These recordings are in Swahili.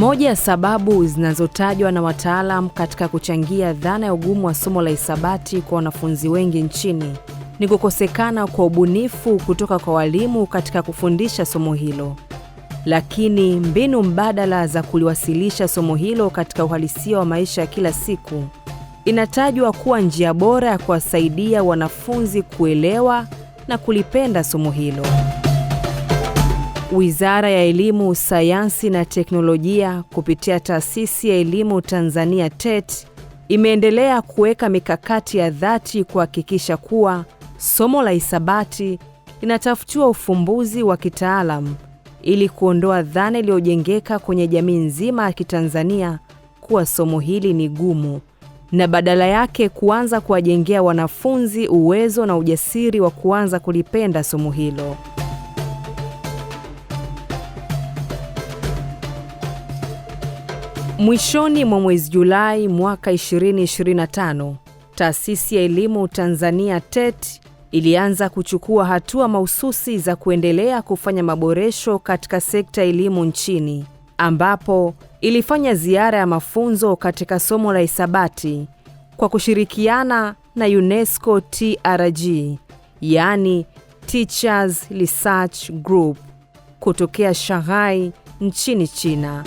Moja ya sababu zinazotajwa na wataalam katika kuchangia dhana ya ugumu wa somo la hisabati kwa wanafunzi wengi nchini ni kukosekana kwa ubunifu kutoka kwa walimu katika kufundisha somo hilo. Lakini mbinu mbadala za kuliwasilisha somo hilo katika uhalisia wa maisha ya kila siku inatajwa kuwa njia bora ya kuwasaidia wanafunzi kuelewa na kulipenda somo hilo. Wizara ya Elimu, Sayansi na Teknolojia kupitia Taasisi ya Elimu Tanzania TET e imeendelea kuweka mikakati ya dhati kuhakikisha kuwa somo la hisabati linatafutiwa ufumbuzi wa kitaalamu ili kuondoa dhana iliyojengeka kwenye jamii nzima ya Kitanzania kuwa somo hili ni gumu na badala yake kuanza kuwajengea wanafunzi uwezo na ujasiri wa kuanza kulipenda somo hilo. Mwishoni mwa mwezi Julai mwaka 2025, Taasisi ya Elimu Tanzania TET e ilianza kuchukua hatua mahususi za kuendelea kufanya maboresho katika sekta ya elimu nchini, ambapo ilifanya ziara ya mafunzo katika somo la hisabati kwa kushirikiana na UNESCO TRG, yaani Teachers Research Group, kutokea Shanghai nchini China.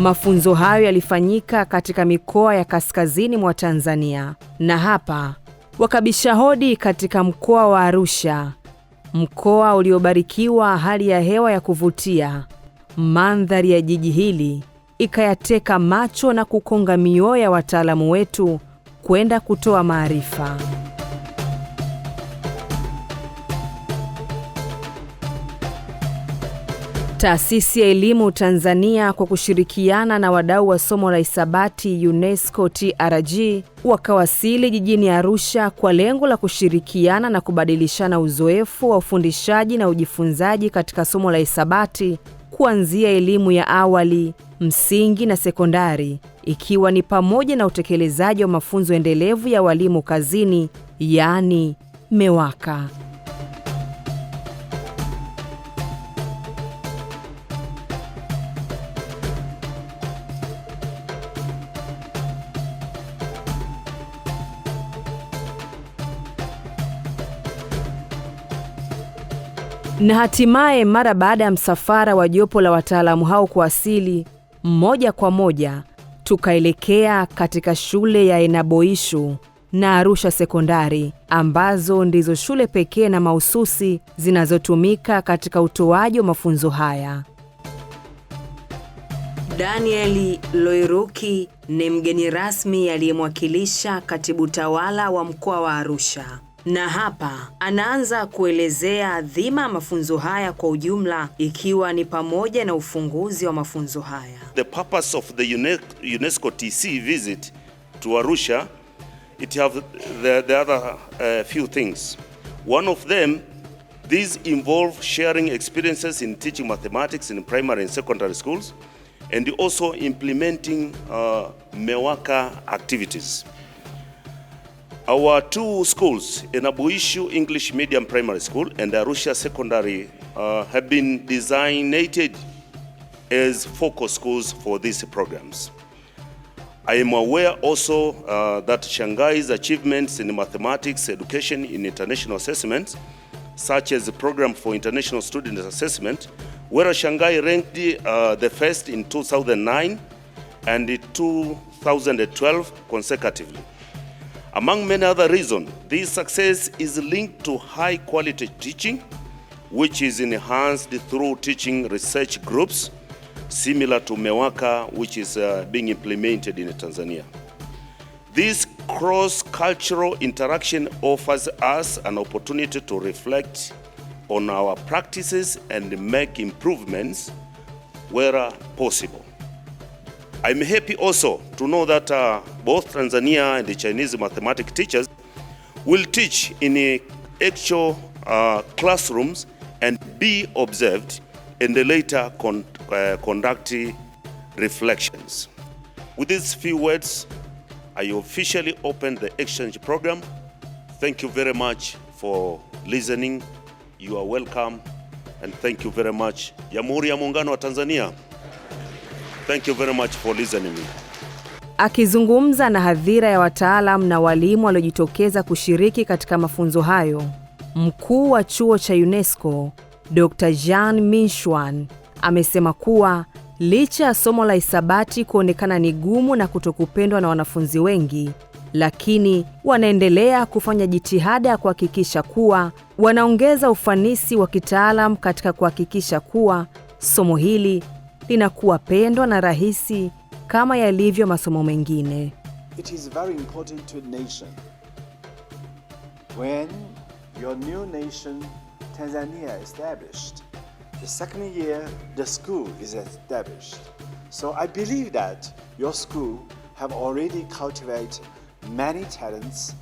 Mafunzo hayo yalifanyika katika mikoa ya kaskazini mwa Tanzania, na hapa wakabisha hodi katika mkoa wa Arusha, mkoa uliobarikiwa hali ya hewa ya kuvutia. Mandhari ya jiji hili ikayateka macho na kukonga mioyo ya wataalamu wetu kwenda kutoa maarifa. Taasisi ya Elimu Tanzania kwa kushirikiana na wadau wa somo la hisabati UNESCO TRG wakawasili jijini Arusha kwa lengo la kushirikiana na kubadilishana uzoefu wa ufundishaji na ujifunzaji katika somo la hisabati kuanzia elimu ya awali, msingi na sekondari, ikiwa ni pamoja na utekelezaji wa mafunzo endelevu ya walimu kazini, yaani MEWAKA. Na hatimaye mara baada ya msafara wa jopo la wataalamu hao kuwasili, moja kwa moja tukaelekea katika shule ya Enaboishu na Arusha Sekondari ambazo ndizo shule pekee na mahususi zinazotumika katika utoaji wa mafunzo haya. Daniel Loiruki ni mgeni rasmi aliyemwakilisha katibu tawala wa mkoa wa Arusha. Na hapa anaanza kuelezea dhima ya mafunzo haya kwa ujumla ikiwa ni pamoja na ufunguzi wa mafunzo haya. The purpose of the UNESCO TC visit to Arusha it have the, the other uh, few things. One of them these involve sharing experiences in teaching mathematics in primary and secondary schools and also implementing uh, MEWAKA activities. Our two schools, Enabuishu English Medium Primary School and Arusha Secondary, uh, have been designated as focus schools for these programs. I am aware also uh, that Shanghai's achievements in mathematics education in international assessments, such as the Program for International Student Assessment, where Shanghai ranked uh, the first in 2009 and 2012 consecutively. Among many other reasons, this success is linked to high quality teaching, which is enhanced through teaching research groups similar to MEWAKA, which is uh, being implemented in Tanzania. This cross-cultural interaction offers us an opportunity to reflect on our practices and make improvements where possible. I'm happy also to know that uh, both Tanzania and the Chinese mathematics teachers will teach in actual uh, classrooms and be observed in the later con uh, conduct reflections. With these few words, I officially open the exchange program. Thank you very much for listening. You are welcome and thank you very much. Jamhuri ya Muungano wa Tanzania. Thank you very much for listening me. Akizungumza na hadhira ya wataalam na walimu waliojitokeza kushiriki katika mafunzo hayo, mkuu wa chuo cha UNESCO Dr. Jean Minshwan amesema kuwa licha ya somo la hisabati kuonekana ni gumu na kutokupendwa na wanafunzi wengi, lakini wanaendelea kufanya jitihada ya kuhakikisha kuwa wanaongeza ufanisi wa kitaalam katika kuhakikisha kuwa somo hili linakuwa pendwa na rahisi kama yalivyo masomo mengine. It is very important to a nation. When your new nation Tanzania established, the second year the school is established. So I believe that your school have already cultivated many talents,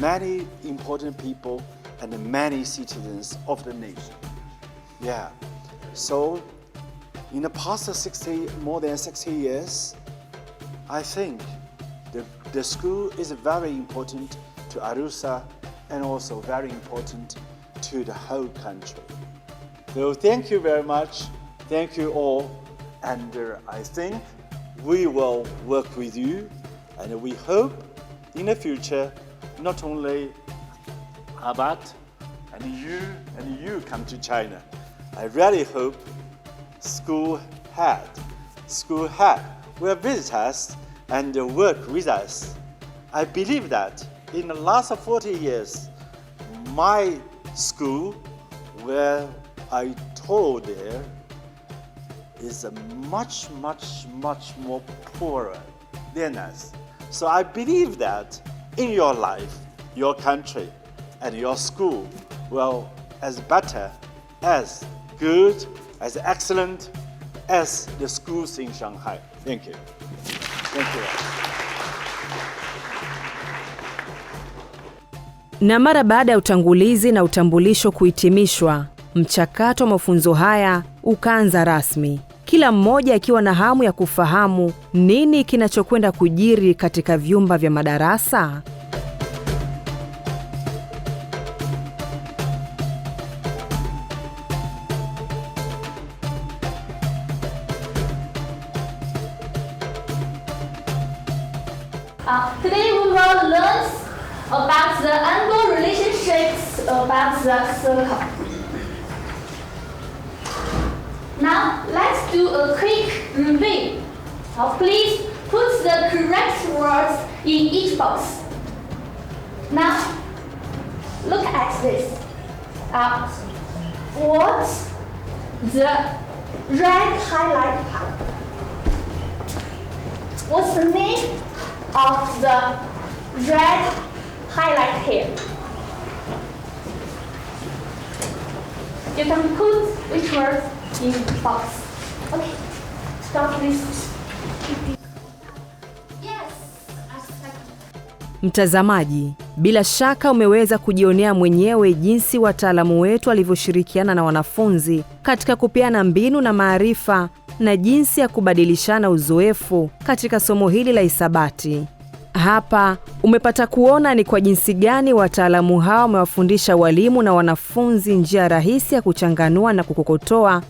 many important people and many citizens of the nation. Yeah. So In the past 60, more than 60 years, I think the, the school is very important to Arusa and also very important to the whole country. So thank you very much. Thank you all. And uh, I think we will work with you and we hope in the future not only Abad and you and you come to China. I really hope school had, School had, will visit us and work with us. I believe that in the last 40 years, my school, where I taught there, is much, much, much more poorer than us. So I believe that in your life, your country, and your school will as better as good as excellent as the schools in Shanghai. Thank you. Thank you. Na mara baada ya utangulizi na utambulisho kuhitimishwa, mchakato wa mafunzo haya ukaanza rasmi, kila mmoja akiwa na hamu ya kufahamu nini kinachokwenda kujiri katika vyumba vya madarasa. Uh, today we will learn about the angle relationships about the circle. Now let's do a quick review. Uh, please put the correct words in each box. Now look at this. Uh, what the red highlight part? What's the name of the red highlight here. You can put which words in the box. Okay, stop this. Mtazamaji, bila shaka umeweza kujionea mwenyewe jinsi wataalamu wetu walivyoshirikiana na wanafunzi katika kupeana mbinu na maarifa na jinsi ya kubadilishana uzoefu katika somo hili la hisabati. Hapa umepata kuona ni kwa jinsi gani wataalamu hawa wamewafundisha walimu na wanafunzi njia rahisi ya kuchanganua na kukokotoa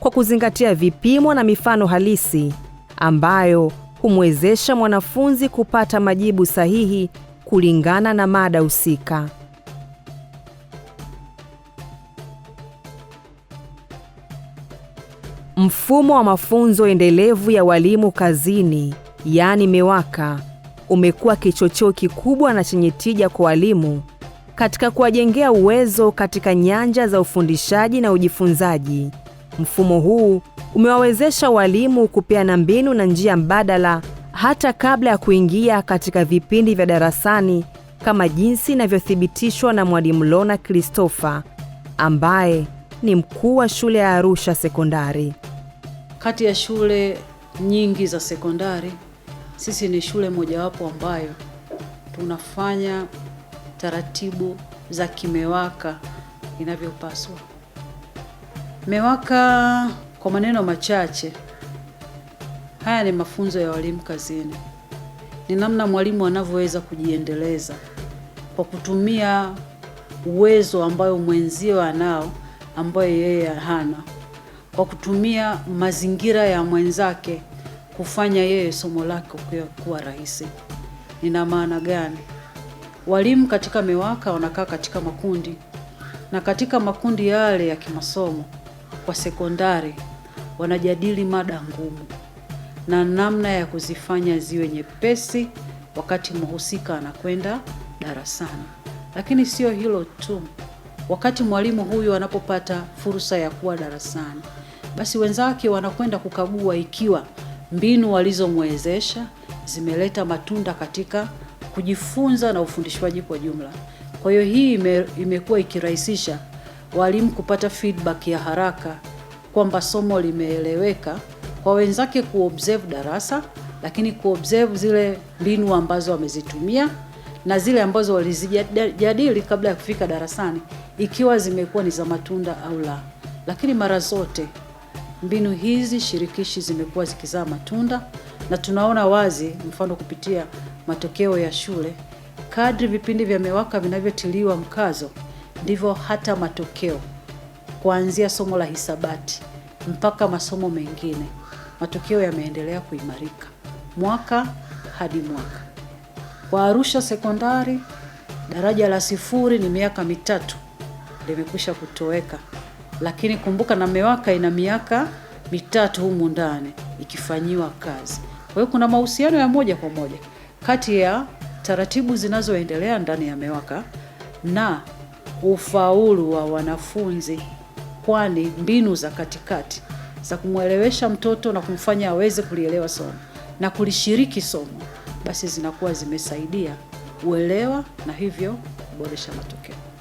kwa kuzingatia vipimo na mifano halisi ambayo humwezesha mwanafunzi kupata majibu sahihi kulingana na mada husika. Mfumo wa mafunzo endelevu ya walimu kazini, yaani MEWAKA, umekuwa kichocheo kikubwa na chenye tija kwa walimu katika kuwajengea uwezo katika nyanja za ufundishaji na ujifunzaji. Mfumo huu umewawezesha walimu kupeana mbinu na njia mbadala hata kabla ya kuingia katika vipindi vya darasani, kama jinsi inavyothibitishwa na Mwalimu Lona Christopher ambaye ni mkuu wa shule ya Arusha Sekondari. Kati ya shule nyingi za sekondari, sisi ni shule mojawapo ambayo tunafanya taratibu za kimewaka inavyopaswa. MEWAKA kwa maneno machache, haya ni mafunzo ya walimu kazini. Ni namna mwalimu anavyoweza kujiendeleza kwa kutumia uwezo ambayo mwenzio anao ambayo yeye hana kwa kutumia mazingira ya mwenzake kufanya yeye somo lake kuwa rahisi. Nina maana gani? Walimu katika MEWAKA wanakaa katika makundi, na katika makundi yale ya kimasomo kwa sekondari wanajadili mada ngumu na namna ya kuzifanya ziwe nyepesi wakati mhusika anakwenda darasani. Lakini sio hilo tu wakati mwalimu huyu anapopata fursa ya kuwa darasani, basi wenzake wanakwenda kukagua ikiwa mbinu walizomwezesha zimeleta matunda katika kujifunza na ufundishwaji kwa jumla. Kwa hiyo hii ime, imekuwa ikirahisisha walimu kupata feedback ya haraka kwamba somo limeeleweka kwa wenzake kuobserve darasa, lakini kuobserve zile mbinu ambazo wamezitumia na zile ambazo walizijadili kabla ya kufika darasani ikiwa zimekuwa ni za matunda au la. Lakini mara zote mbinu hizi shirikishi zimekuwa zikizaa matunda na tunaona wazi mfano kupitia matokeo ya shule. Kadri vipindi vya MEWAKA vinavyotiliwa mkazo, ndivyo hata matokeo kuanzia somo la hisabati mpaka masomo mengine, matokeo yameendelea kuimarika mwaka hadi mwaka. Kwa Arusha Sekondari, daraja la sifuri ni miaka mitatu limekwisha kutoweka, lakini kumbuka na MEWAKA ina miaka mitatu humu ndani ikifanyiwa kazi. Kwa hiyo kuna mahusiano ya moja kwa moja kati ya taratibu zinazoendelea ndani ya MEWAKA na ufaulu wa wanafunzi, kwani mbinu za katikati za kumwelewesha mtoto na kumfanya aweze kulielewa somo na kulishiriki somo basi zinakuwa zimesaidia uelewa na hivyo kuboresha matokeo.